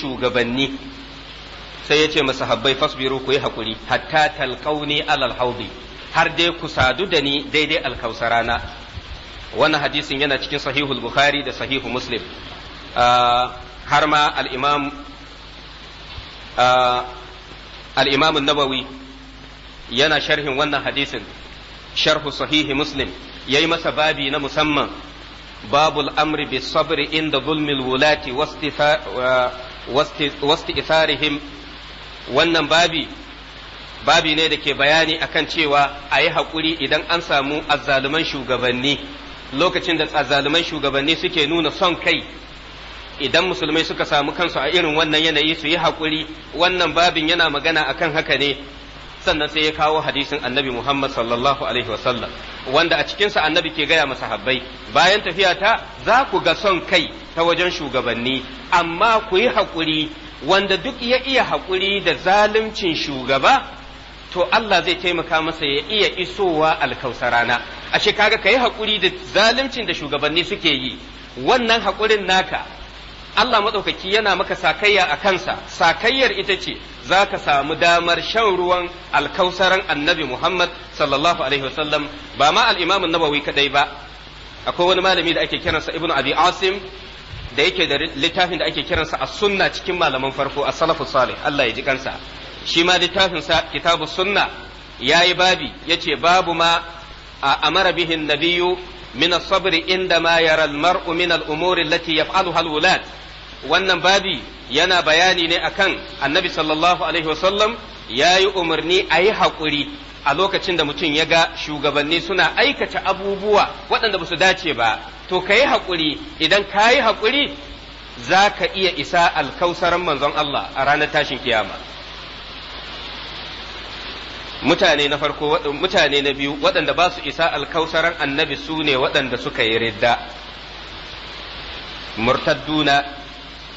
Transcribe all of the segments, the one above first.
shugabanni sai ya ce masahabbai fasbiru ku yi hakuri hatta talqauni alal haudi har dai ku sadu da ni daidai alkausarana wannan hadisin yana cikin sahihul bukhari da sahihu muslim ah, har ma al-imam ah, yana sharhin wannan hadisin sharhu sahihi muslim yayi masa babi na musamman babul amri bis sabri inda zulmin wulati wastifa wasti isarihim wannan babi babi ne da ke bayani akan cewa a yi haƙuri idan an samu azzaluman shugabanni lokacin da azzaluman shugabanni suke nuna son kai idan musulmai suka samu kansu a irin wannan yanayi su yi hakuri wannan babin yana magana akan haka ne sannan sai ya kawo hadisin annabi Muhammad sallallahu alaihi wasallam wanda a cikinsa annabi ke gaya masa habbai bayan tafiya ta za ku ga son kai ta wajen shugabanni amma ku yi haƙuri wanda duk ya iya haƙuri da zaluncin shugaba to Allah zai taimaka masa ya iya isowa alkausarana ashe kaga ka yi haƙuri da zaluncin da shugabanni suke yi wannan haƙurin naka Allah maɗaukaki yana maka sakayya a kansa sakayyar ita ce za ka samu damar shan ruwan alkausaran annabi Muhammad sallallahu alaihi wasallam ba ma al'imamin nabawi kadai ba akwai wani malami da ake kiransa ibnu abi asim da yake da littafin da ake kiransa a sunna cikin malaman farko a salafu salih Allah ya ji kansa shi ma littafin sa kitabu sunna yayi babi yace babu ma amara bihi nabiyyu min as-sabr inda ma yara al-mar'u min al-umuri allati yaf'aluha al-wulad wannan babi yana bayani ne akan annabi sallallahu alaihi wasallam yayi umarni ayi haƙuri. a lokacin da mutum ya ga shugabanni suna aikata abubuwa waɗanda ba su dace ba to ka yi haƙuri idan ka yi haƙuri za ka iya isa alkausaran manzon Allah a ranar tashin kiyama mutane na farko mutane na biyu waɗanda ba su isa alkausaran annabi su ne waɗanda suka yi ridda murtadduna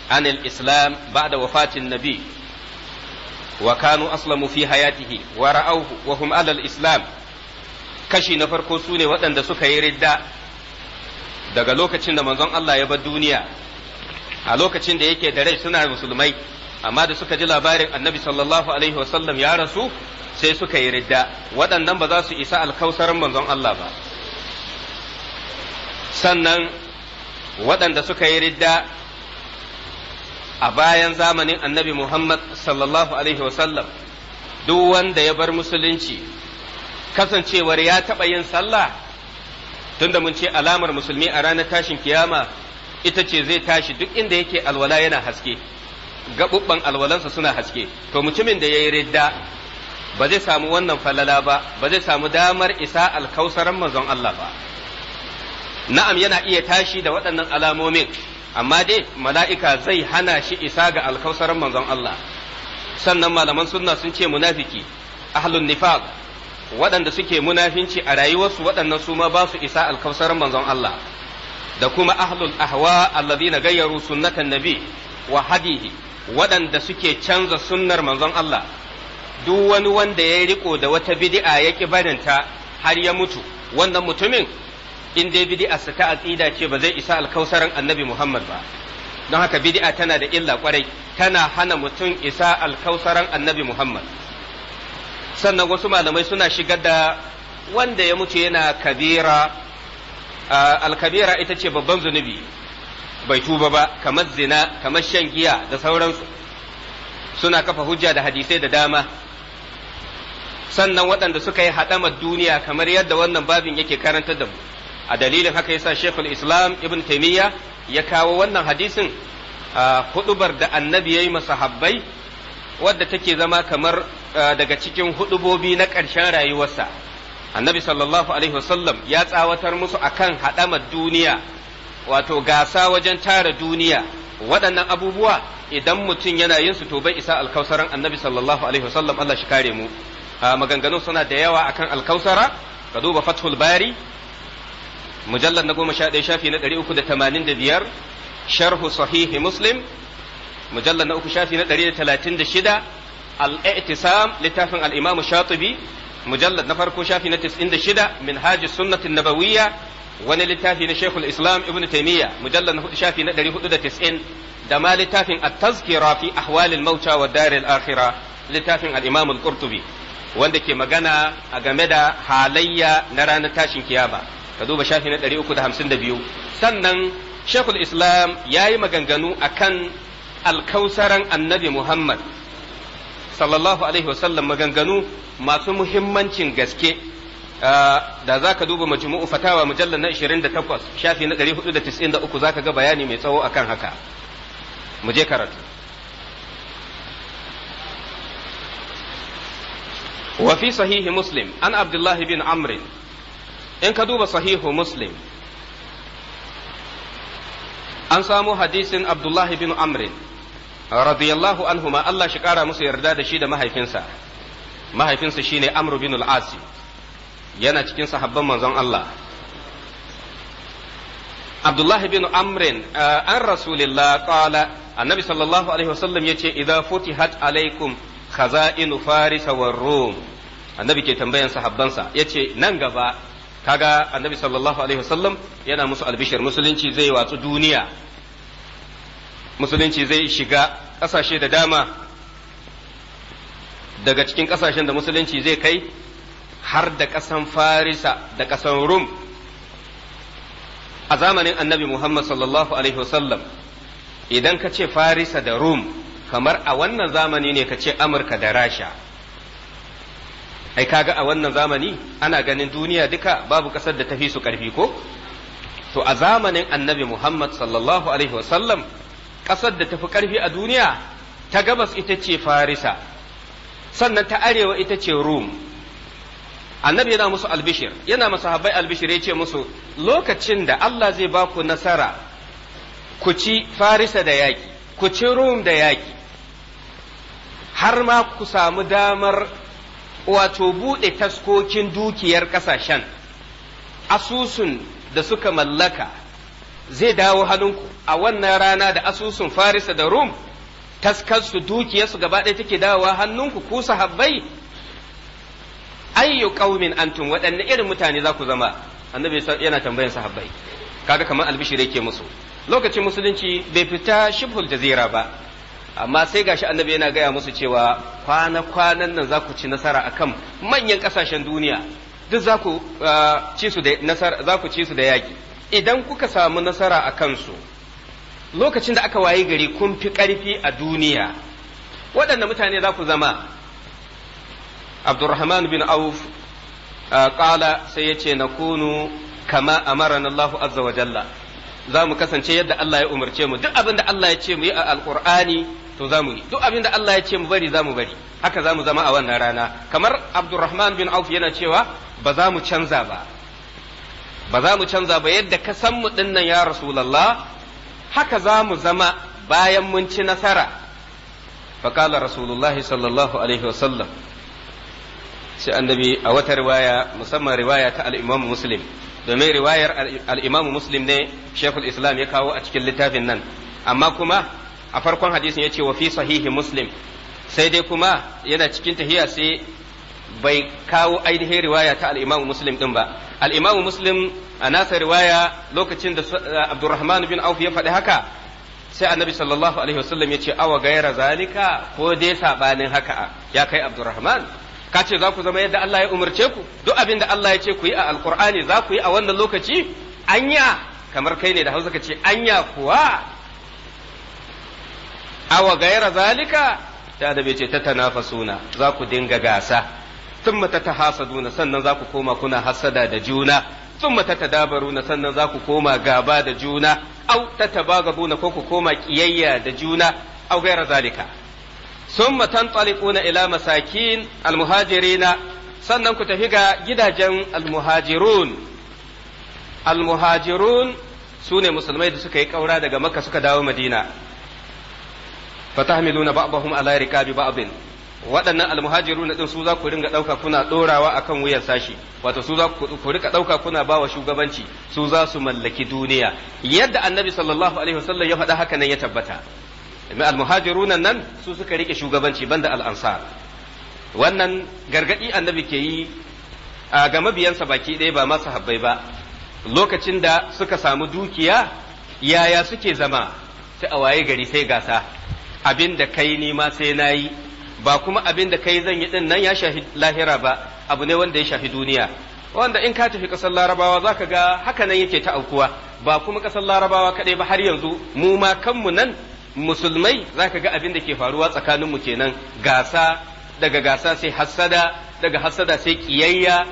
anil islam ba da wafatin nabi Wakanu kanu aslamu fi hayatihi wa ra'awhu wa hum alal islam kashi na farko su ne waɗanda suka yi ridda daga lokacin da manzon Allah ya ba duniya a lokacin da yake da rai suna musulmai amma da suka ji labarin annabi sallallahu alaihi wasallam ya rasu sai suka yi ridda waɗannan ba za su isa alkausarin manzon Allah ba sannan waɗanda suka yi ridda a bayan zamanin annabi Muhammad sallallahu alaihi wasallam duk wanda ya bar musulunci kasancewar ya taɓa yin sallah tunda mun ce alamar musulmi a ranar tashin kiyama ita ce zai tashi duk inda yake alwala yana haske gaɓuɓɓan alwalansa suna haske to mutumin da ya yi ridda ba zai samu wannan falala ba ba zai samu damar isa alkausaran manzon Allah ba na'am yana iya tashi da waɗannan alamomin amma dai mala'ika zai hana shi isa ga alkausarin manzon Allah sannan malaman sunna sun ce munafiki ahlun nifaq waɗanda suke munafinci a rayuwarsu waɗannan su ma ba su isa alkausarin manzon Allah da kuma ahlul ahwa na gayyaru sunnatan nabi wa hadihi waɗanda suke canza sunnar manzon Allah duk wani wanda ya riko da wata bid'a ya ki barinta har ya mutu wannan mutumin in dai bid'a ta aqida ce ba zai isa alkausaran annabi Muhammad ba don haka bid'a tana da illa kwarai tana hana mutum isa alkausaran annabi Muhammad sannan wasu malamai suna shigar da wanda ya mutu yana kabira alkabira ita ce babban zunubi bai tuba ba kamar zina kamar shan giya da sauransu suna kafa hujja da hadisai da dama sannan waɗanda suka yi haɗamar duniya kamar yadda wannan babin yake karantar da mu a dalilin haka yasa shekul islam ibn taimiyya ya kawo wannan hadisin hudubar da annabi ya yi masahabbai wadda take zama kamar daga cikin hudubobi na ƙarshen rayuwarsa annabi sallallahu alaihi wasallam ya tsawatar musu akan haɗamar duniya wato gasa wajen tara duniya waɗannan abubuwa idan mutum yana yin su to bai isa alkausaran annabi sallallahu alaihi wasallam Allah shi kare mu maganganu suna da yawa akan alkausara ka duba fathul bari mujallar na goma sha shafi na ɗari uku da tamanin da biyar sharhu sahihi muslim mujallar na uku shafi na ɗari da talatin da shida al-i'tisam littafin al'imam imam mujallar na farko shafi na tis'in da shida min sunnatin nabawiyya wani littafi na shekul islam ibn taimiyya mujallar na hudu shafi na ɗari hudu da tis'in da ma littafin at-tazkira fi ahwalil mauta wa daril akhirah littafin al-imam wanda ke magana a game da halayya na ranar tashin kiyama ka duba shafi na 352 sannan shekul islam ya yi maganganu akan alkausaran annabi muhammad sallallahu alaihi wasallam maganganu masu muhimmancin gaske ah, da za ka duba majmu'u fatawa mujallar na 28 shafi na 493 za ka ga bayani mai tsawo akan haka mu je karatu وفي صحيح مسلم عن عبد الله بن عمرو in ka duba sahihu muslim an samu hadisin abdullahi bin amrin radiyallahu anhuma Allah shi kara musu yarda da shi da mahaifinsa mahaifinsa shine amru bin al-asi yana cikin sahabban manzon Allah Abdullahi bin Amrin an Rasulillah qala annabi sallallahu alaihi wasallam yace idza futihat alaikum khaza'inu faris war rum annabi ke tambayan sahabbansa yace nan gaba kaga annabi sallallahu alaihi wasallam yana musu albishir musulunci zai watsu duniya musulunci zai shiga ƙasashe da dama daga cikin ƙasashen da musulunci zai kai har da ƙasan farisa da ƙasan rum a zamanin annabi muhammad sallallahu alaihi wasallam idan ka ce farisa da rum kamar a wannan zamani ne ka ce amurka da rasha ai kaga a wannan zamani ana ganin duniya duka babu kasar da tafi su karfi ko to a zamanin annabi Muhammad sallallahu alaihi wasallam kasar da tafi karfi a duniya ta gabas ita ce Farisa sannan ta arewa ita ce Rum annabi yana musu albishir yana habai albishir ya ce musu lokacin da Allah zai ba ku nasara ku ci Farisa da yaki ku ci Rum da yaki har ma ku samu damar wato buɗe taskokin dukiyar ƙasashen asusun da suka mallaka zai dawo hannunku a wannan rana da asusun farisa da rum taskarsu dukiyarsu gaba ɗaya take dawowa hannunku ku sahabbai ayyu qaumin antum waɗanne irin mutane za ku zama annabi yana tambayan sahabbai kaga kamar albishir yake musu lokacin musulunci bai fita shibhul jazira ba amma sai gashi annabi yana gaya musu cewa kwana-kwanan nan za ku ci nasara akan manyan ƙasashen duniya duk uh, za ku ci su da yaƙi idan kuka samu nasara a kansu lokacin da aka wayi gari kun fi ƙarfi a duniya waɗanda mutane za ku zama abdurrahman bin auf uh, ƙala sai yace ce na kunu kama amaran Allahu azza wa jalla za mu kasance yadda Allah ya umarce mu duk abin da Allah ya ce mu yi a alƙur'ani to za mu yi duk abin da Allah ya ce mu bari za mu bari haka za mu zama a wannan rana kamar Abdurrahman bin Auf yana cewa ba za mu canza ba ba za mu canza ba yadda ka san mu dinnan ya Rasulullah haka za mu zama bayan mun ci nasara فقال رسول الله alaihi الله sai annabi a wata riwaya musamman riwaya ta al-Imam Muslim domin riwayar al-Imam Muslim ne Sheikhul Islam ya kawo a cikin littafin nan amma kuma a farkon hadisin ya wa fi sahihi muslim sai dai kuma yana cikin tahiya sai bai kawo ainihin riwaya ta al-Imam Muslim din ba al-Imam Muslim a nasa riwaya lokacin da eh, Abdurrahman bin Auf ya faɗi haka sai annabi sallallahu alaihi wasallam ya ce awa gaira zalika ko dai sabanin haka ya kai Abdurrahman ka ce za ku zama yadda Allah ya umarce ku duk abin da Allah ya ce ku yi a alkur'ani za ku yi a wannan lokaci anya kamar kai ne da hausa ka ce anya kuwa awa gaira zalika da bai ce ta tanafasuna za ku dinga gasa Sun thumma tatahasaduna sannan za ku koma kuna hasada da juna Sun dabaru na sannan za ku koma gaba da juna au buna ko ku koma kiyayya da juna au gaira zalika tsali kuna ila masakin almuhajirina sannan ku tafi ga gidajen almuhajirun almuhajirun su ne musulmai da suka yi kaura daga makka suka dawo madina fatahmiluna ba'dahum ala riqabi ba'din waɗannan almuhajiruna din su za ku ringa ɗauka kuna ɗorawa akan wuyan sashi wato su za ku rika ɗauka kuna bawa shugabanci su za su mallaki duniya yadda annabi sallallahu alaihi wasallam ya faɗa haka nan ya tabbata mai almuhajiruna nan su suka rike shugabanci banda al'ansar wannan gargaɗi annabi ke yi a ga mabiyansa baki ɗaya ba masu habbai ba lokacin da suka samu dukiya yaya suke zama sai a waye gari sai gasa abin da kai ni ma sai na yi ba kuma abin da kai zan yi din nan ya shafi lahira ba abu ne wanda ya shafi duniya wanda in ka tafi kasar larabawa za ka ga haka nan yake ta aukuwa ba kuma kasar larabawa kaɗai ba har yanzu mu ma kanmu nan musulmai za ka ga abin da ke faruwa tsakaninmu kenan gasa daga gasa sai hassada daga hassada sai kiyayya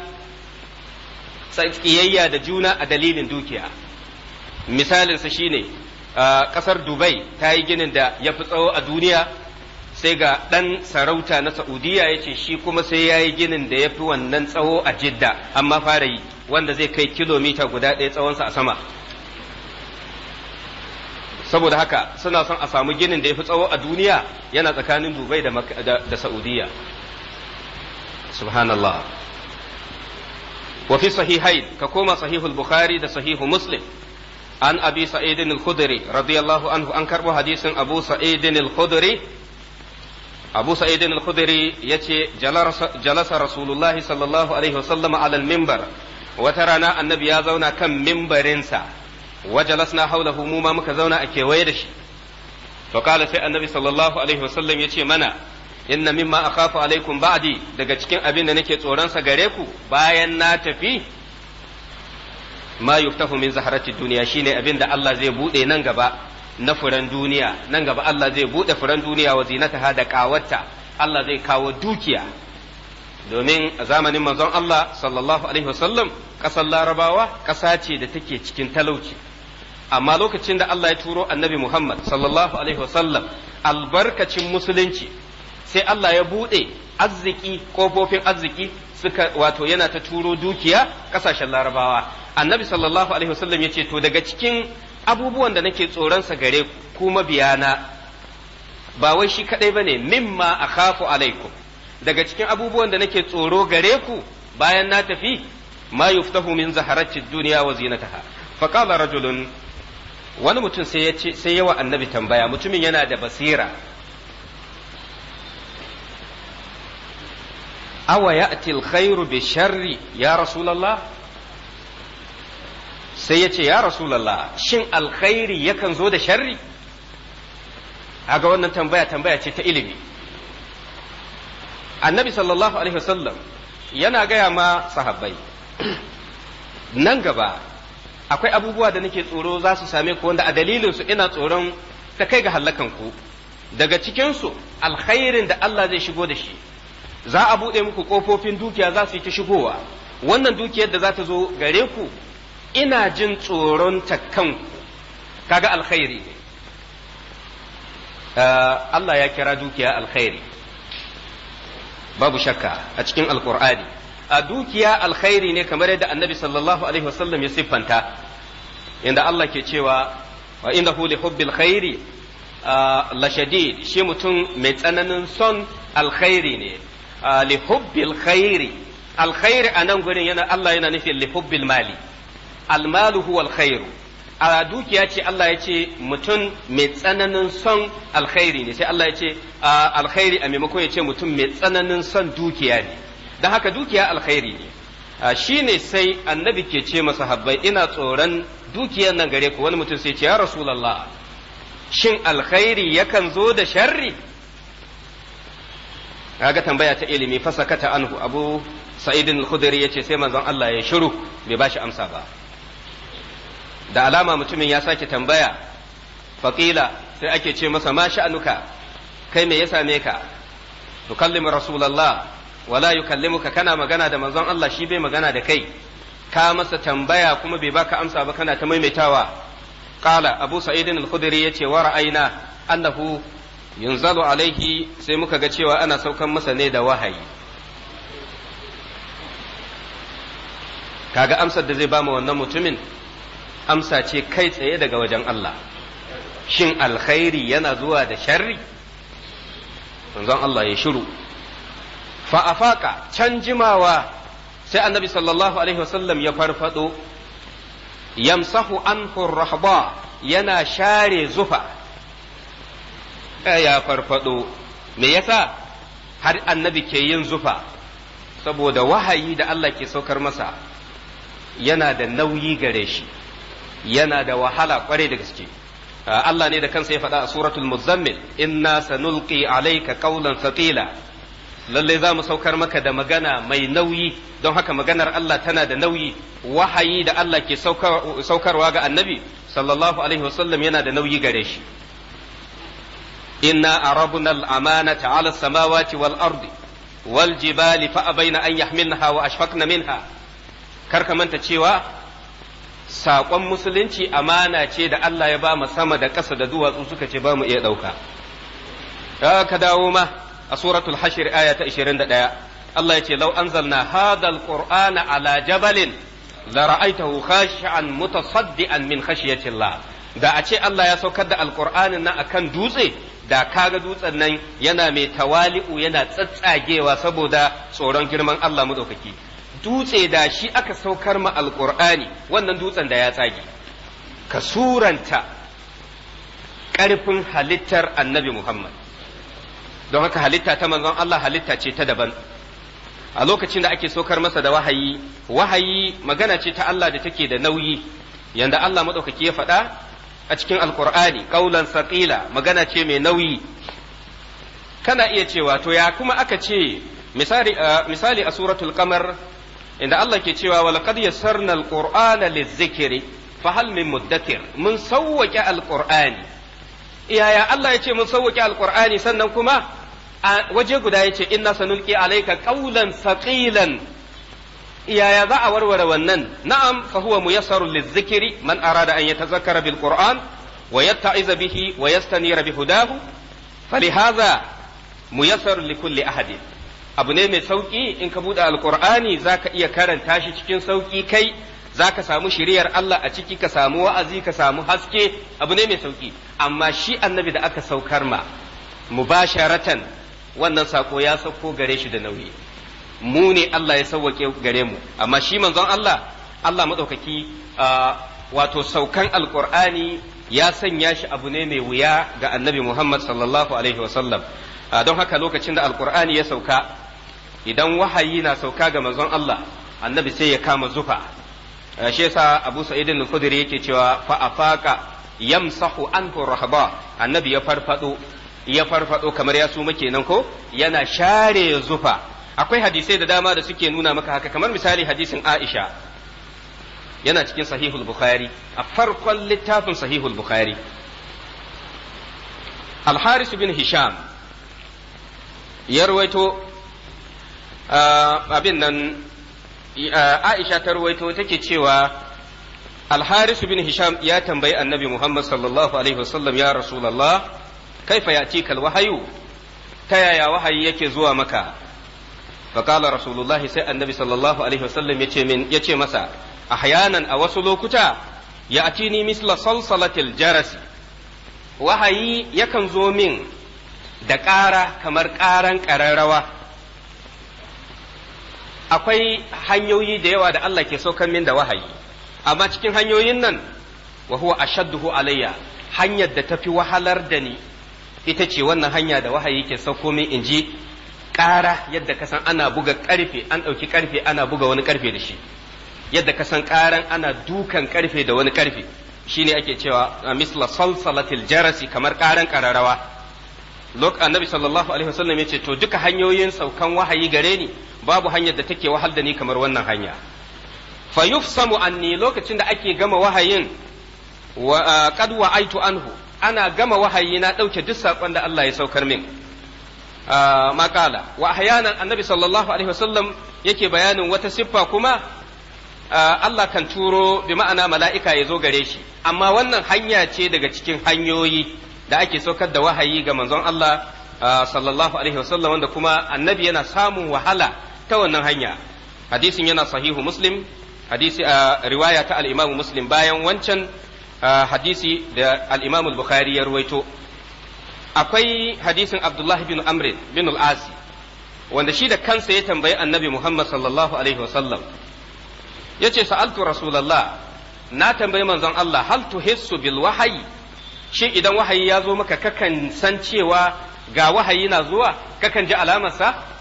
sai kiyayya da juna a dalilin dukiya misalinsa shine ƙasar dubai ta yi ginin da ya fi tsawo a duniya sai ga ɗan sarauta na Saudiya ya ce shi kuma sai ya yi ginin da ya fi wannan tsawo a Jidda amma fara yi wanda zai kai kilomita guda ɗaya tsawonsa a sama. Saboda haka suna son a samu ginin da ya fi tsawo a duniya yana tsakanin Dubai da, da, Saudiya. Subhanallah. Wafi sahihain ka koma sahihul Bukhari da sahihu Muslim an abi sa'idin al radiyallahu anhu an karbo hadisin abu sa'idin al abu sa'idin al-khudri yace jalasa rasulullah sallallahu alaihi wasallam ala al-minbar wata rana annabi ya zauna kan mimbarinsa wajalas na hawlahu mu ma muka zauna a kewaye da shi to sai annabi sallallahu alaihi wasallam yace mana inna a kafa alaikum ba'adi daga cikin abin da nake tsoron sa gare ku bayan na tafi ma yuftahu min zaharati duniya shine abin da Allah zai bude nan gaba na furan duniya nan gaba Allah zai bude furan duniya wa zinata da kawarta Allah zai kawo dukiya domin a zamanin manzon Allah sallallahu alaihi wasallam kasar larabawa kasa ce da take cikin talauci amma lokacin da Allah ya turo annabi Muhammad sallallahu alaihi wasallam albarkacin musulunci sai Allah ya bude arziki kofofin arziki suka wato yana ta turo dukiya kasashen larabawa annabi sallallahu alaihi wasallam yace to daga cikin abubuwan da nake tsoron sa gare ku kuma biyana ba wai shi kadai bane mimma akhafu alaikum daga cikin abubuwan da nake tsoro gare ku bayan na tafi ma yuftahu min zaharati dunya wa zinataha fa qala rajulun wani mutum sai ya ce sai yawa annabi tambaya mutumin yana da basira awa ya'ti alkhairu bi sharri ya rasulullah sai ya ce ya rasulallah shin alkhairi yakan zo da sharri ga wannan tambaya tambaya ce ta ilimi annabi sallallahu alaihi wasallam yana gaya ma sahabbai nan gaba akwai abubuwa da nake tsoro za su same ku wanda a dalilinsu ina tsoron ta kai ga ku daga cikinsu alkhairin da Allah zai shigo da shi za a buɗe muku ƙofofin dukiya za su yi ta shigowa wannan dukiyar da za ta zo gare ku ina jin tsoron kanku kaga alkhairi ne ah, Allah ya kira dukiya alkhairi babu shakka a cikin alkur'ani a dukiya alkhairi ne kamar yadda annabi sallallahu alaihi wasallam ya siffanta inda Allah ke cewa wa innahu li hubbil khairi ah, la shadid shi mutum mai tsananin son alkhairi ne ah, li hubbil khairi alkhairi a nan gurin yana Allah yana nufin li hubbil mali almalu alkhairu a dukiya ce Allah ya ce mutum mai tsananin son alkhairi ne sai Allah ya ce alkhairi a maimakon ya ce mutum mai tsananin son dukiya ne don haka dukiya alkhairi ne shi ne sai annabi ke ce masa habbai ina tsoron dukiyar nan gare ku wani mutum sai ce ya rasulallah shin alkhairi yakan zo da sharri kaga tambaya ta ilimi fasakata anhu abu sa'idin al-khudri yace sai manzon Allah ya shiru bai bashi amsa ba da alama mutumin ya sake tambaya faƙila sai ake ce masa ma sha'anuka kai me ya same ka tukallimu rasulullah wala yukallimuka kana magana da manzon Allah shi bai magana da kai ka masa tambaya kuma bai baka amsa ba kana ta maimaitawa qala abu sa'idin al-khudri yace wa ra'ayna annahu yunzalu alaihi sai muka ga cewa ana saukan masa ne da wahayi kaga amsar da zai ba mu wannan mutumin amsa ce kai tsaye daga wajen Allah shin alkhairi yana zuwa da sharri manzon Allah ya shiru fa afaka can jimawa sai annabi sallallahu alaihi wasallam ya farfado yamsahu anhu rahba yana share zufa ya farfado me yasa har annabi ke yin zufa saboda wahayi da Allah ke saukar masa yana da nauyi gare shi yana da wahala kwarai da gaske ah, Allah ne da kansa ya faɗa a suratul muzammil inna sanulqi alayka qawlan thaqila lalle za mu saukar maka da magana mai nauyi don haka maganar Allah tana da nauyi wahayi da Allah ke saukarwa ga annabi sallallahu alaihi wasallam yana da nauyi gare shi inna arabuna al-amanata ala samawati wal ardi wal jibali fa abaina an yahmilnaha wa ashfaqna minha karka manta cewa saƙon musulunci amana ce da Allah ya ba mu sama da ƙasa da duwatsu suka ce ba mu iya ɗauka. Ka dawo ma a suratul hashir aya ta 21 Allah ya ce lau anzalna hadal qur'ana ala jabalin la khashi'an mutasaddian min khashyati da a ce Allah ya saukar da alqur'anin nan akan dutse da kaga dutsen nan yana mai tawali'u yana tsatsagewa saboda tsoron girman Allah maɗaukaki. dutse da shi aka saukar ma alƙur'ani wannan dutsen da ya tsage ka suranta ƙarfin halittar annabi Muhammad don haka halitta ta manzon Allah halitta ce ta daban a lokacin da ake saukar masa da wahayi wahayi magana ce ta Allah da take da nauyi yanda Allah maɗaukaki ya faɗa a cikin alƙur'ani ƙaulansa saƙila magana ce mai nauyi kana iya cewa to ya kuma aka ce misali a suratul kamar inda Allah ke cewa wa laqad yassarna alqur'ana lizikri fa hal min muddatir mun sawwaka alqur'ani iyaya Allah ya ce mun sawwaka alqur'ani sannan kuma a waje guda ya ce inna sanulqi alayka qawlan saqilan iyaya za a warware wannan na'am fa huwa muyassaru lizikri man arada an yatazakkara bil qur'an wa yatta'iza bihi wa yastanira bi hudahu فلهذا ميسر لكل أحد abu ne mai sauƙi in ka buɗe alƙur'ani za ka iya karanta shi cikin sauƙi kai za ka samu shiriyar Allah a ciki ka samu wa'azi ka samu haske abu ne mai sauƙi amma shi annabi da aka saukar ma mubasharatan wannan sako ya sauko gare shi da nauyi mu ne Allah ya sauwake gare mu amma shi manzon Allah Allah maɗaukaki wato saukan alƙur'ani ya sanya shi abu ne mai wuya ga annabi Muhammad sallallahu alaihi wasallam don haka lokacin da alƙur'ani ya sauka idan wahayi na sauka ga manzon Allah annabi sai ya kama zufa eh, shi yasa Abu Sa'id al-Khudri yake cewa fa afaqa yamsahu anhu rahaba annabi ya farfado ya farfado kamar ya su kenan ko yana share zufa akwai hadisai da dama da suke nuna maka haka kamar misali hadisin Aisha yana cikin sahihul bukhari a farkon littafin sahihul bukhari al-Haris bin Hisham ya rawaito Ah, abin nan ah, Aisha ta ruwaito take cewa Al-Haris bin Hisham ya tambayi Annabi Muhammad sallallahu alaihi wasallam ya Rasulullah kaifa ya'tika al-wahyu ta yaya wahayi yake zuwa maka فقال رسول الله سي النبي صلى الله عليه وسلم يتي من يتي مسا احيانا او وسو لوكتا ياتيني مثل jarasi. wahayi yakan zo min da ƙara kamar ƙaran ƙararrawa akwai hanyoyi da yawa da Allah ke saukan min da wahayi amma cikin hanyoyin nan wa huwa ashadduhu alayya hanyar da tafi wahalar da ni ita ce wannan hanya da wahayi ke sauko min in ji ƙara yadda ka san ana buga ƙarfe an ɗauki ƙarfe ana buga wani ƙarfe da shi yadda ka san ƙaran ana dukan ƙarfe da wani ƙarfe shine ake cewa ah, misla salsalatil jarasi kamar ƙaran ƙararrawa annabi sallallahu alaihi wasallam ya ce to duka hanyoyin saukan wahayi gare ni babu hanyar da take wahal da ni kamar wannan hanya fa yufsamu anni lokacin da ake gama wahayin wa qad wa'aitu anhu ana gama wahayi na dauke duk sakon da Allah ya saukar min maƙala wa ahyanan annabi sallallahu alaihi wasallam yake bayanin wata siffa kuma Allah kan turo bi ma'ana mala'ika ya zo gare shi amma wannan hanya ce daga cikin hanyoyi da ake saukar da wahayi ga manzon Allah sallallahu alaihi wasallam wanda kuma annabi yana samun wahala ta wannan hanya hadisin yana sahihu muslim hadisi a ah, riwaya ta al'imamu muslim bayan wancan ah, hadisi da al'imamu bukhari ya ruwaito akwai hadisin abdullahi bin amrin bin al-asi wanda shi da kansa ya tambayi annabi muhammad sallallahu alaihi wasallam ce sa'altu rasulullah na tambayi manzon Allah hal tuhissu bil wahayi shin idan wahayi ya zo maka kakan san cewa ga wahayi na zuwa kakan ji alamarsa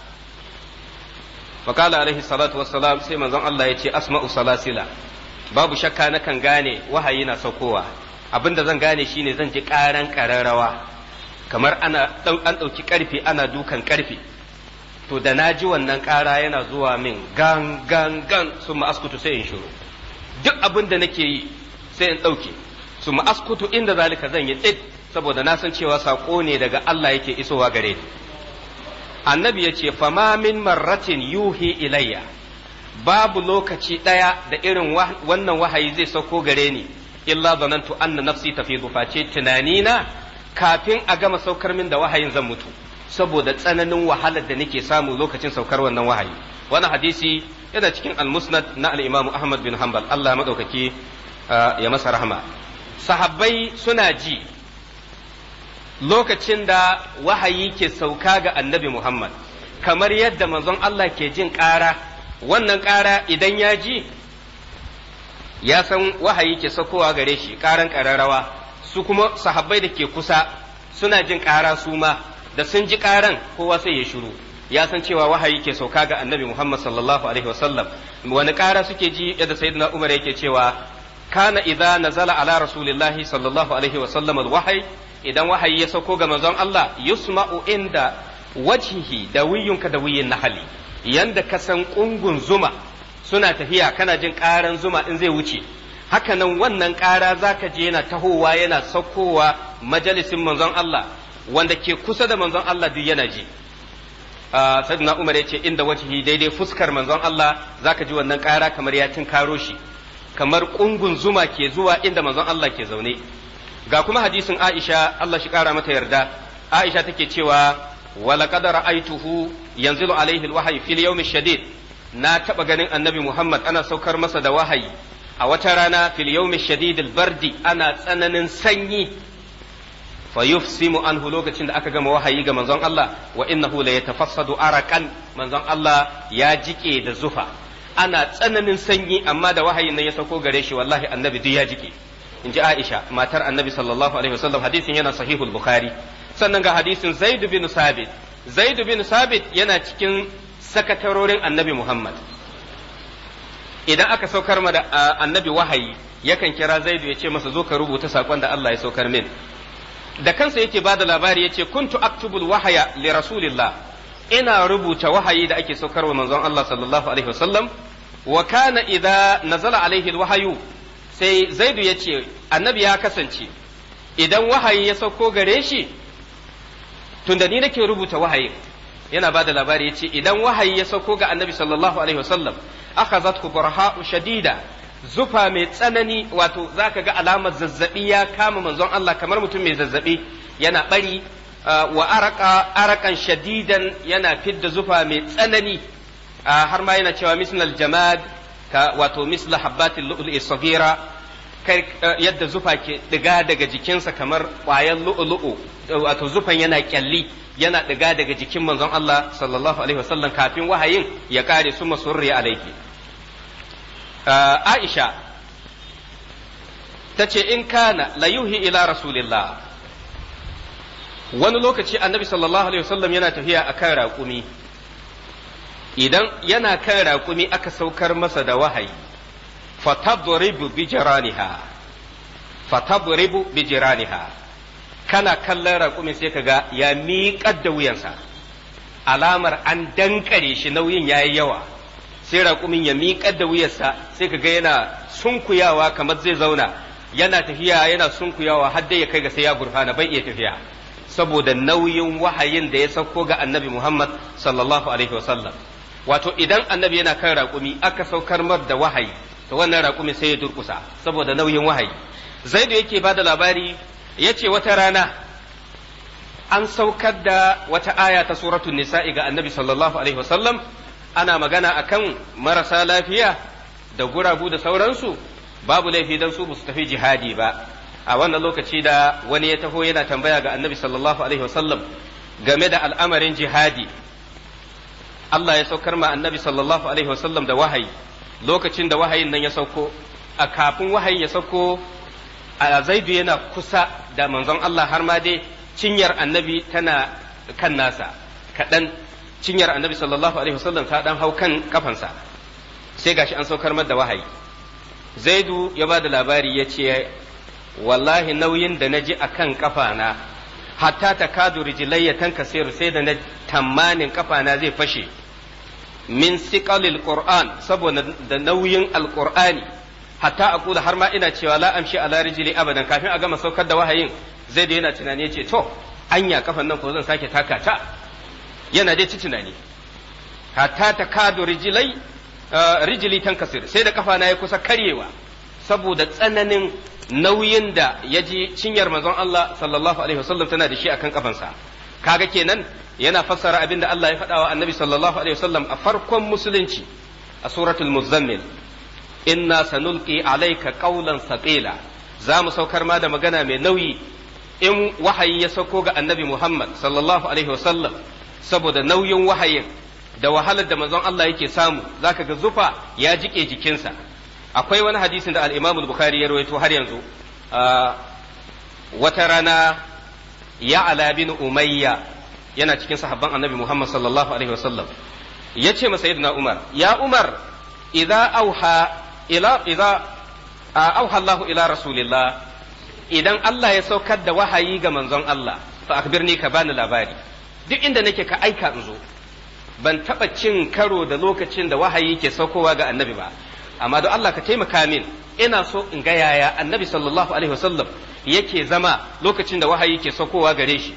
fakala alaihi salatu wassalam sai manzon Allah ya ce asma'u salasila babu shakka na kan gane wahayi na saukowa abinda zan gane shine zan ji ƙaran ƙararrawa kamar ana an ɗauki ƙarfe ana dukan ƙarfe to da na ji wannan ƙara yana zuwa min gan gan gan sun ma'askutu sai in shiru duk abin da nake yi sai in ɗauke su ma'askutu inda zalika zan yi tsit saboda na san cewa saƙo ne daga Allah yake isowa gare ni annabi ya ce fama min marratin yuhi ilayya babu lokaci ɗaya da irin wannan wahayi zai sauko gare ni illa zanantu anna nafsi tafi face tunanina kafin a gama saukar min da wahayin zan mutu saboda tsananin wahalar da nake samu lokacin saukar wannan wahayi wani hadisi yana cikin almusnad na al-imam ahmad bin hanbal Allah madaukaki ah, ya masa rahma sahabbai suna ji lokacin da wahayi ke sauka ga annabi Muhammad kamar yadda manzon Allah ke jin ƙara wannan ƙara idan ya ji ya san wahayi ke saukowa gare shi ƙaran ƙararrawa su kuma sahabbai da ke kusa suna jin ƙara su ma da sun ji ƙaran kowa sai ya shiru ya san cewa wahayi ke sauka ga annabi Muhammad sallallahu alaihi wasallam wani ƙara suke ji yadda sayyidina Umar yake cewa kana idza nazala ala rasulillahi sallallahu alaihi wasallam alwahyi idan wahayi ya sauko ga manzon Allah yusma'u inda wajhihi da wiyunka da wiyin nahali yanda ka san kungun zuma suna tafiya kana jin karan zuma in zai wuce haka nan wannan kara zaka je yana tahowa yana saukowa majalisin manzon Allah wanda ke kusa da manzon Allah duk yana ji ah, sayyidina Umar ya ce inda wajhihi daidai fuskar manzon Allah zaka ji wannan kara kamar ya karo shi kamar kungun zuma ke zuwa inda manzon Allah ke zaune ga kuma hadisin Aisha Allah shi kara mata yarda Aisha take cewa wala qad ra'aituhu yanzilu alaihi alwahyi fil yawm shadid na taba ganin annabi Muhammad ana saukar masa da wahayi a wata rana fil yawm shadid albardi ana tsananin sanyi fa yufsimu anhu lokacin da aka gama wahayi ga manzon Allah wa innahu la yatafassadu arakan manzon Allah ya jike da zufa ana tsananin sanyi amma da wahayin nan ya sauko gare shi wallahi annabi duk ya jike in ji Aisha matar Annabi sallallahu alaihi wasallam hadisin yana sahihul Bukhari sannan ga hadisin Zaid bin Sabit Zaid bin Sabit yana cikin sakatarorin Annabi Muhammad idan aka saukar ma da Annabi wahayi yakan kira Zaid ya ce masa zo ka rubuta sakon da Allah ya saukar min da kansa yake bada labari yace kuntu aktubul wahaya li rasulillah ina rubuta wahayi da ake saukar wa manzon Allah sallallahu alaihi wasallam wa kana idza nazala alaihi alwahyu sai zaidu ya ce annabi ya kasance idan wahayi ya sauko gare shi tunda ni nake rubuta wahayi yana ba da labari ya ce idan wahayi ya sauko ga annabi sallallahu alaihi wasallam aka zatku barha'u shadida zufa mai tsanani wato za ka ga alamar zazzabi ya kama manzon Allah kamar mutum mai zazzabi yana bari uh, wa araka arakan shadidan yana fidda zufa mai tsanani uh, har ma yana cewa misnal jamad ka wato misla habbatil lu'lu'i sagira eh, yadda zufa ke ɗiga daga jikinsa kamar ƙwayan Lu'u eh, wato zufan yana kyalli yana ɗiga daga jikin manzon Allah sallallahu alaihi wasallam kafin wahayin ya kare su masurri alaiki eh, Aisha ta ce in kana layuhi ila rasulillah wani lokaci annabi sallallahu alaihi wasallam yana tafiya akan raƙumi idan yana kan raƙumi aka saukar masa da wahayi fatadribu bi fatadribu bi kana kallon raƙumi sai kaga ya miƙar da wuyansa alamar an dankare shi nauyin yayi yawa sai raƙumin ya miƙar da wuyarsa sai kaga yana sunkuyawa kamar zai zauna yana tafiya yana sunkuyawa har dai ya kai ga sai ya gurfana bai iya tafiya saboda nauyin wahayin da ya sauko ga annabi Muhammad sallallahu alaihi wasallam wato idan annabi yana kan raƙumi aka saukar mar da wahayi to wannan raƙumi sai ya durkusa saboda nauyin wahayi zaidu yake ba da labari ya ce wata rana an saukar da wata aya ta suratun nisa'i ga annabi sallallahu alaihi wasallam ana magana akan marasa lafiya da guragu da sauransu babu laifi dan su su tafi jihadi ba a wannan lokaci da wani ya taho yana tambaya ga annabi sallallahu alaihi wasallam game da al'amarin jihadi Allah ya saukar ma annabi sallallahu alaihi wasallam da wahayi lokacin da wahayin nan ya sauko a kafin wahayin ya sauko a zaidu yana kusa da manzon Allah har ma dai cinyar annabi tana kan nasa kaɗan cinyar annabi sallallahu alaihi wasallam ta dan hau kan kafansa sai gashi an saukar da wahayi zaidu ya ba da labari ya ce wallahi nauyin da na ji a kan kafana hatta ta kadu rijilai ya tanka sai da na tamanin kafana zai fashe min siqalil qur'an saboda da nauyin alqur'ani hatta aqula har ma ina cewa la amshi ala rijli abadan kafin a gama saukar da wahayin zai da yana tunani yace to anya kafan nan ko zan sake taka ta yana dai ci tunani hatta ta kadu rijlai eh, rijili tankasir sai da kafa na ya kusa karyewa saboda tsananin nauyin da ya ji cinyar manzon Allah sallallahu alaihi wasallam tana da shi akan kafansa kaga kenan yana fassara abin da Allah ya faɗa wa annabi sallallahu alaihi wasallam a farkon musulunci a suratul muzammil inna sanulqi alayka qawlan saqila za mu saukar ma da magana mai nauyi in wahayi ya sauko ga annabi Muhammad sallallahu alaihi wasallam saboda nauyin wahayin da wahalar da manzon Allah yake samu zaka ga zufa ya jike jikinsa akwai wani hadisin da al-Imam bukhari ya rawaito har yanzu wata rana ya ala umayya yana cikin sahabban annabi Muhammad sallallahu alaihi wasallam yace ma sayyidina Umar ya Umar idza auha ila ila rasulillah idan Allah ya saukar da wahayi ga manzon Allah fa akhbirni ka bani labari duk inda nake ka aika in zo ban taɓa cin karo da lokacin da wahayi ke saukowa ga annabi ba amma don Allah ka taimaka min ina so in ga yaya annabi sallallahu alaihi wasallam yake zama lokacin da wahayi ke saukowa gare shi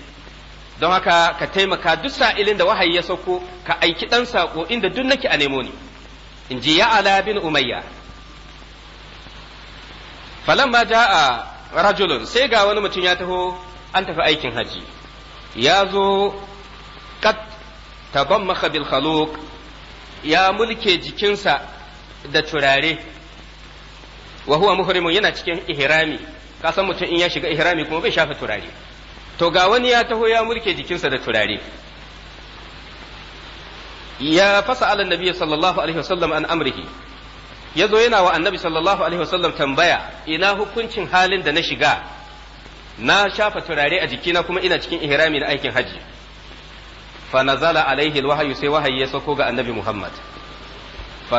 don haka ka taimaka duk sa'ilin da wahayi ya sauko ka aiki dan sako inda duk nake a nemo ni in ji ya ala bin umayya falamma jaa rajulun sai ga wani mutum ya taho an tafi aikin haji ya zo kat tabammaka bil khaluq ya mulke jikinsa da turare wa huwa muhrimun yana cikin ihrami ka san mutum in ya shiga ihrami kuma bai shafa turare to ga wani ya taho ya murke jikinsa da turare ya fasa ala nabi sallallahu alaihi wasallam an amrihi ya zo yana wa annabi sallallahu alaihi wasallam tambaya ina hukuncin halin da na shiga na shafa turare a jikina kuma ina cikin ihrami na aikin haji fa nazala alaihi alwahyu sai wahayi ya sako ga annabi muhammad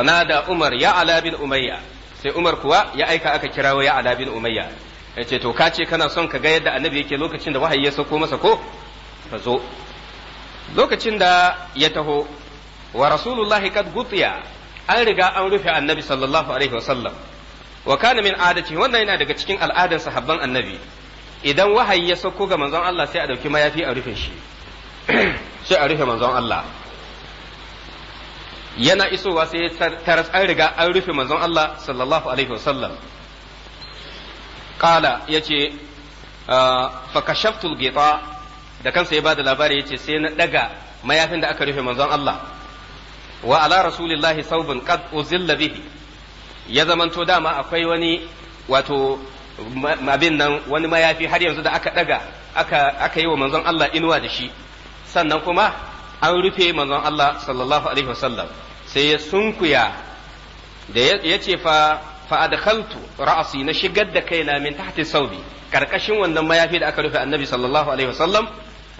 da umar ya ala bin umayya sai umar kuwa ya aika aka kirawo ya ala bin umayya yace to ka ce kana son ka ga yadda annabi yake lokacin da wahayi ya sauko masa ko ka zo lokacin da ya taho wa rasulullahi kad gutiya an riga an rufe annabi sallallahu alaihi wasallam wa kana min adati wannan yana daga cikin al'adar sahabban annabi idan wahayi ya sauko ga manzon Allah sai a dauki mayafi a rufe shi sai a rufe manzon Allah yana isowa sai ya taras an riga an rufe manzon Allah sallallahu alaihi wasallam qala ce ah, fa kashaftu al da kansa ya bada labari yace sai na daga mayafin da aka rufe manzon Allah wa ala rasulillahi saubun qad uzilla bihi ya zamanto dama akwai wani wato abin nan wani mayafi har yanzu da aka daga aka aka yi wa manzon Allah inuwa da shi sannan kuma an rufe manzon Allah sallallahu alaihi wasallam sai ya sunkuya da ya ce fa fa'adakaltu ra'asi na shigar da kaina min tahti saubi karkashin wannan mayafi da aka rufe annabi sallallahu alaihi wasallam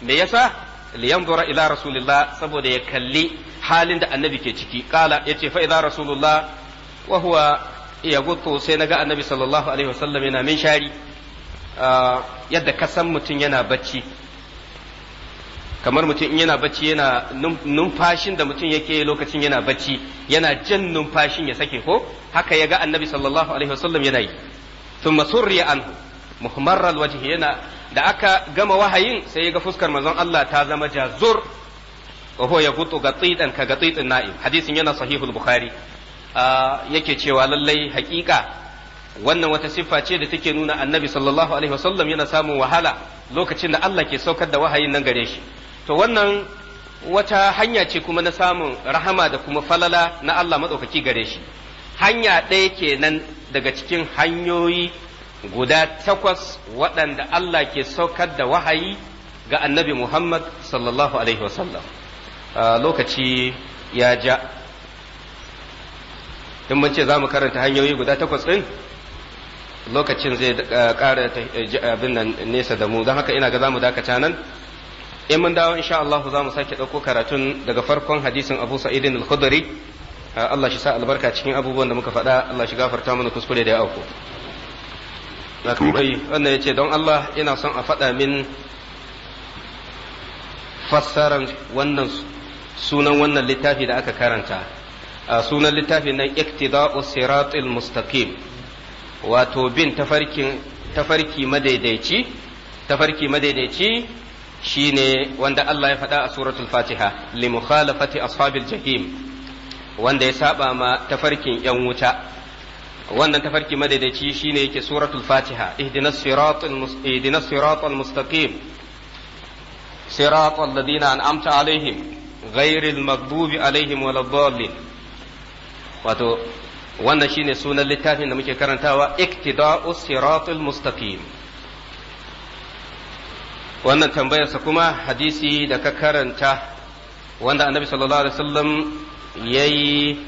me yasa liyanzura ila rasulillah saboda ya kalli halin da annabi ke ciki kala yace fa idza rasulullah wa huwa gutu sai naga annabi sallallahu alaihi wasallam yana min shari ah, yadda kasan mutum yana bacci kamar mutum in yana bacci yana numfashin da mutum yake lokacin yana bacci yana jan numfashin ya sake ko haka ya ga annabi sallallahu alaihi wasallam yana yi thumma surriya anhu muhmarra alwajhi yana da aka gama wahayin sai ya ga fuskar manzon Allah ta zama jazur wa huwa yaqutu gatidan ka gatidin na'im hadisin yana sahihul bukhari ah, yake cewa lallai haƙiƙa wannan wata siffa ce da take nuna annabi sallallahu alaihi wasallam yana samun wahala lokacin da Allah ke saukar da wahayin nan gare shi to wannan wata hanya ce kuma na samun rahama da kuma falala na Allah maɗaukaki gare shi hanya ɗaya kenan daga cikin hanyoyi guda takwas waɗanda Allah ke saukar da wahayi ga annabi Muhammad sallallahu alaihi wasallam lokaci ya ja in mun za mu karanta hanyoyi guda takwas ɗin lokacin zai eh, ƙara eh, abin nan nesa da mu don haka ina ga za mu dakata nan in mun dawo insha Allah za mu sake ɗauko karatun daga farkon hadisin Abu Sa'id al-Khudri ah, Allah shi sa albarka cikin abubuwan da muka faɗa Allah shi gafarta mana kuskure da ya auku wannan ya ce don Allah ina son a faɗa min fassaran wannan sunan wannan littafi da aka karanta A ah, sunan littafin nan iktida'u siratul mustaqim wato bin tafarki madaidaici tafarki madaidaici shine wanda Allah ya faɗa a suratul Fatiha li mukhalafati ashabil jahim wanda ya saba ma tafarkin yan wuta wannan tafarki madaidaici shine yake suratul Fatiha ihdinas siratal ihdinas siratal mustaqim siratal ladina an'amta alaihim ghairil maghdubi alaihim waladdallin wato wannan shine sunan littafin da muke karantawa iktida'us siratal mustaqim wannan tambayarsa kuma hadisi da ka karanta wanda annabi sallallahu alaihi wasallam yayi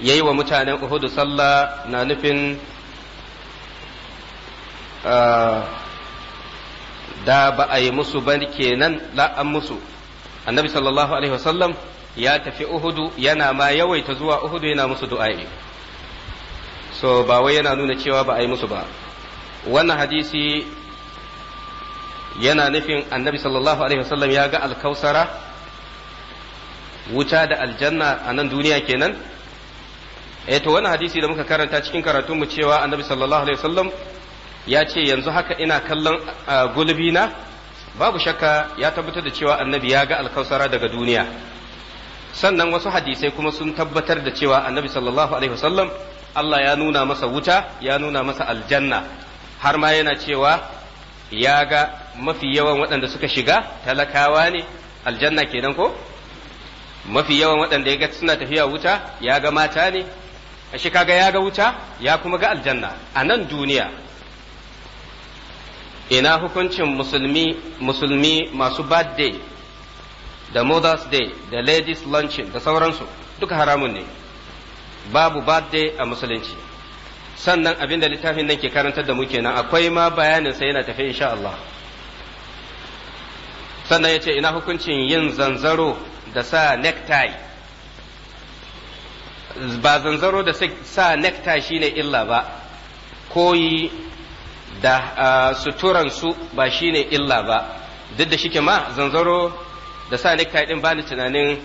yayi wa mutanen Uhudu sallah na nufin ah, da ba a yi musu ba kenan la'an musu annabi sallallahu alaihi wasallam ya tafi Uhudu yana ma yawaita zuwa Uhudu yana musu du'a'i so ba wai yana nuna cewa ba a yi musu ba wannan hadisi yana nufin annabi sallallahu alaihi wasallam ya ga alkausara wuta da aljanna a nan duniya kenan eh to wani hadisi da muka karanta cikin karatunmu cewa annabi sallallahu alaihi wasallam ya ce yanzu haka ina kallon gulbina na babu shakka ya tabbatar da cewa annabi ya ga alkausara daga duniya sannan wasu hadisai kuma sun tabbatar da cewa annabi sallallahu alaihi wasallam Allah ya nuna masa wuta ya nuna masa aljanna har ma yana cewa ya ga mafi yawan waɗanda suka shiga talakawa ne aljanna kenan ko mafi yawan waɗanda ya ga suna tafiya wuta ya ga mata ne shi kaga ya ga wuta ya kuma ga aljanna a nan duniya ina hukuncin musulmi musulmi masu bad day da mother's day da ladies luncheon da sauransu duka haramun ne babu bad day a musulunci sannan abinda littafin nan ke karantar da mu kenan akwai ma bayanin sai yana tafi insha Allah sannan yace ina hukuncin yin zanzaro da sa necktie ba zanzaro da sa necktie shine illa ba koyi da suturan su ba shine illa ba duk da shike ma zanzaro da sa necktie din bani tunanin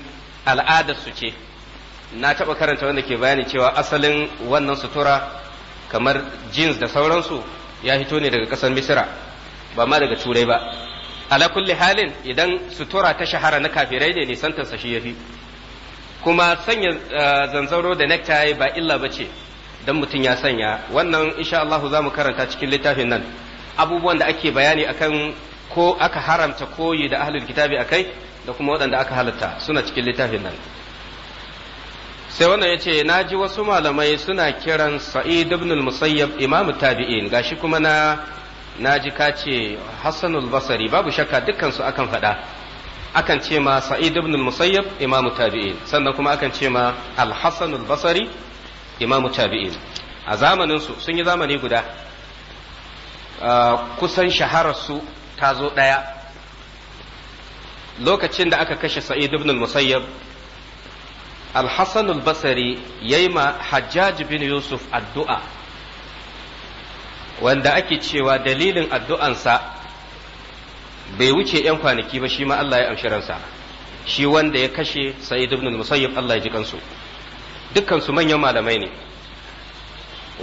al'adar su ce na taɓa karanta wanda ke bayani cewa asalin wannan sutura kamar jeans da sauransu ya hito ne daga ƙasar misira ba ma daga turai ba ala kulli halin idan sutura ta shahara na kafirai ne nisantarsa shi ya fi kuma sanya eh, zanzaro da necktie ba illa ba ce don mutum ya sanya wannan insha Allah za mu karanta cikin littafin nan abubuwan da ake bayani akan ko aka haramta koyi da ahlul kitabi kai da kuma waɗanda aka halatta suna cikin littafin nan sai wannan ya ce na ji wasu malamai suna kiran sa'id ibn musayyab imamu tabi'in gashi kuma na na ji ka ce hassanul basari babu shakka su akan faɗa akan ce ma sa'id ibn musayyab imamu tabi'in sannan kuma akan ce ma al-hassanul basari imamu tabi'in a zamanin su sun yi zamani guda kusan shaharar su ta zo ɗaya lokacin da aka kashe sa'id ibn musayyab الحسن البصري ييما basari ya yi ma Hajjaji bin yusuf addu'a wanda ake cewa dalilin addu'ansa bai wuce ‘yan kwanaki ba shi ma Allah ya amshi ransa shi wanda ya kashe sa'id ibn musayyib Allah ya ji kansu dukkansu manyan malamai ne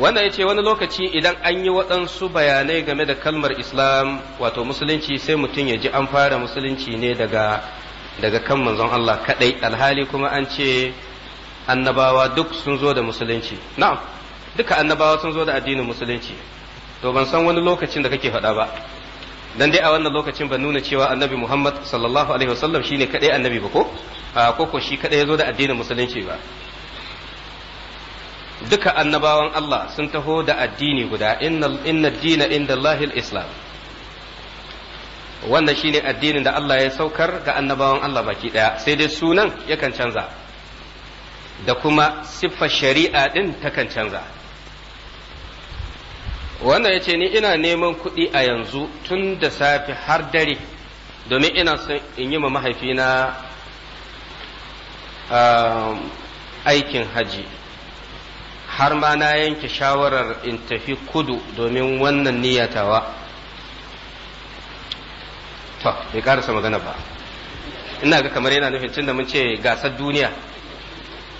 wanda ya ce wani lokaci idan an yi waɗansu bayanai game da kalmar islam wato musulunci sai mutum ya ji an fara musulunci ne daga daga kan manzon Allah kaɗai alhali kuma an ce annabawa duk sun zo da musulunci na'am duka annabawa sun zo da addinin musulunci to ban san wani lokacin da kake faɗa ba dan dai a wannan lokacin ba nuna cewa annabi Muhammad sallallahu alaihi wasallam shine kaɗai annabi ba ko ko ko shi kaɗai ya zo da addinin musulunci ba duka annabawan Allah sun taho da addini guda inna inna dina inda Allahil Islam wannan shine addinin da Allah ya saukar ga annabawan Allah baki daya sai dai sunan yakan canza da kuma siffa shari'a din takan canza wannan ya ce ni ina neman kuɗi a yanzu tun da safe har dare domin ina son in yi ma mahaifina um, aikin haji har ma na yanke shawarar in tafi kudu domin wannan niyyatawa. to bai karasa magana ba ina ga kamar yana nufin tunda mun ce gasar duniya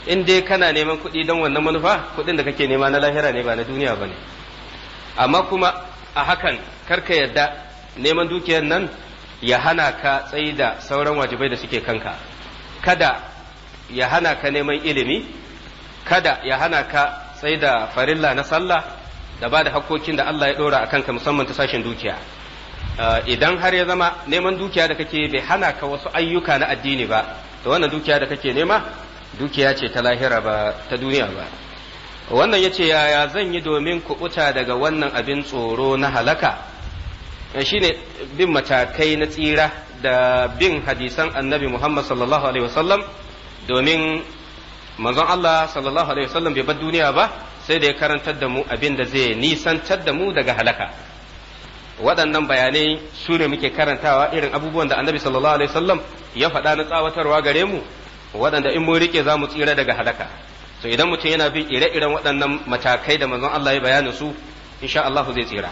in dai kana neman kuɗi don wannan manufa kuɗin da kake nema na lahira ne ba na duniya ba ne amma kuma a hakan karka yadda neman dukiyar nan ya hana ka tsayi da sauran wajibai da suke kanka kada ya hana ka neman ilimi kada ya hana ka tsayi da farilla na sallah da ba da hakkokin da Allah ya ɗora a kanka musamman ta sashen dukiya Eh, idan har ya zama neman dukiya da kake bai hana ka wasu ayyuka na addini ba to wannan dukiya da kake nema dukiya ce ta lahira ba ta duniya ba wannan ya ce yaya zan yi domin kuɓuta daga wannan abin tsoro na halaka eh, shine bin matakai na tsira da bin hadisan annabi muhammad sallallahu alaihi wasallam domin manzon allah sallallahu alaihi wasallam bai bar duniya ba sai da ya karantar da mu abin da zai nisantar da mu daga halaka waɗannan bayanai su ne muke karantawa irin abubuwan da annabi sallallahu alaihi wasallam ya faɗa na tsawatarwa gare mu waɗanda in mun rike za mu tsira daga halaka to idan mutum yana bin ire-iren waɗannan matakai da manzon Allah ya bayanin su insha Allah zai tsira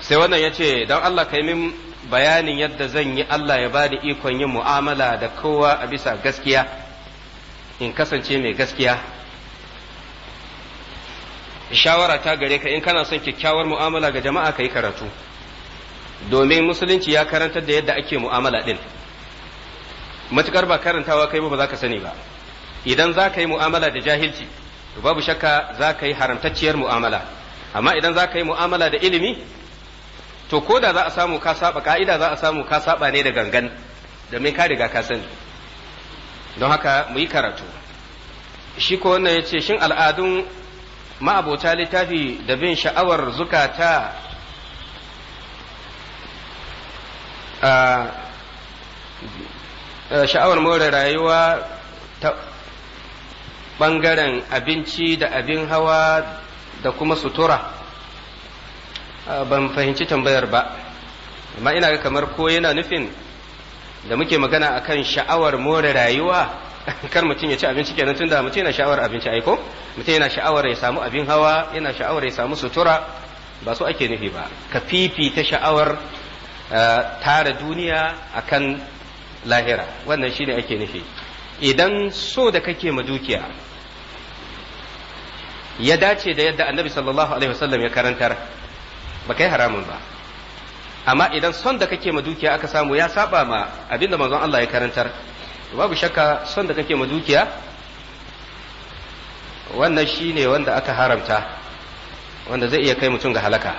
sai wannan ya ce don Allah kai min bayanin yadda zan yi Allah ya bada ikon yin mu'amala da kowa a bisa gaskiya in kasance mai gaskiya shawara ta gare ka in kana son kyakkyawar mu'amala ga jama'a ka yi karatu domin musulunci ya karantar da yadda ake mu'amala din matukar ba karantawa kai ba ba za ka sani ba idan za ka yi mu'amala da jahilci to babu shakka za ka yi haramtacciyar mu'amala amma idan za ka yi mu'amala da ilimi to ko da za a samu ka saba ka'ida za a samu ka saba ne da gangan domin ka riga ka sani don haka mu yi karatu shi ko wannan ya ce shin al'adun ma'abota littafi da bin sha'awar zukata sha'awar more rayuwa ta ɓangaren abinci da abin hawa da kuma sutura ban fahimci tambayar ba amma ina ga kamar ko yana nufin da muke magana akan sha'awar more rayuwa kar mutum ya ci abinci kenan da mutum yana sha'awar abinci aiko mutum yana sha'awar ya samu abin hawa yana sha'awar ya samu sutura ba su ake nufi ba ka fifita sha'awar eh, tara duniya akan lahira wannan shine ake nufi idan so da kake ma dukiya ya dace da yadda annabi sallallahu alaihi wasallam ya karantar ba kai haramun ba amma idan son da kake ma dukiya aka samu ya saba ma abinda manzon Allah ya karantar babu shakka son da kake ma dukiya wannan ne wanda aka haramta wanda zai iya kai mutum ga halaka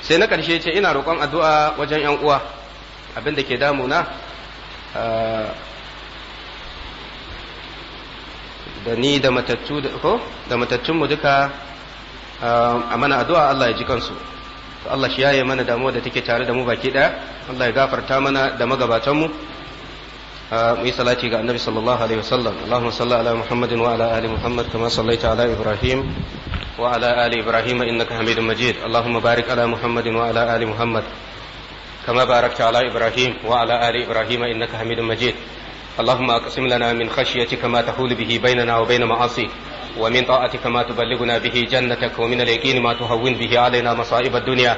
sai na ƙarshe ce ina roƙon addu'a wajen ‘yan uwa abin da ke damuna da ni da matattunmu duka a mana addu'a Allah ya ji kansu Allah shi yaye mana damuwa da take tare da mu baki ɗaya Allah ya gafarta mana da magabatanmu Ah, mu yi salati ga annabi sallallahu alaihi wasallam Allahumma salli ala Muhammadin wa ala ali Muhammad kama sallaita ala Ibrahim wa ala ali Ibrahim innaka Hamidum Majid Allahumma barik ala Muhammadin wa ala ali Muhammad كما باركت على إبراهيم وعلى آل إبراهيم إنك حميد مجيد اللهم أقسم لنا من خشيتك ما تحول به بيننا وبين معاصيك ومن طاعتك ما تبلغنا به جنتك ومن اليقين ما تهون به علينا مصائب الدنيا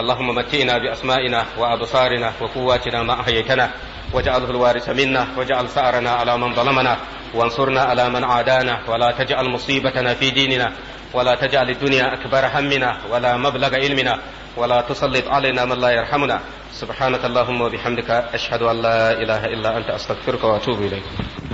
اللهم متئنا بأسمائنا وأبصارنا وقواتنا ما أحييتنا واجعله الوارث منا واجعل ثأرنا على من ظلمنا وانصرنا على من عادانا ولا تجعل مصيبتنا في ديننا ولا تجعل الدنيا أكبر همنا ولا مبلغ علمنا ولا تسلط علينا من لا يرحمنا سبحانك اللهم وبحمدك أشهد أن لا إله إلا أنت أستغفرك وأتوب إليك